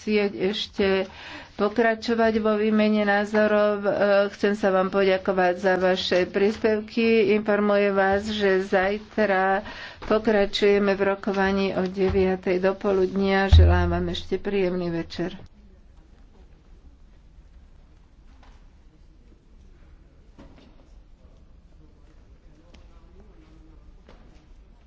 chcieť ešte pokračovať vo výmene názorov. E, chcem sa vám poďakovať za vaše príspevky. Informujem vás, že zajtra pokračujeme v rokovaní o 9. do poludnia. Želám vám ešte príjemný večer.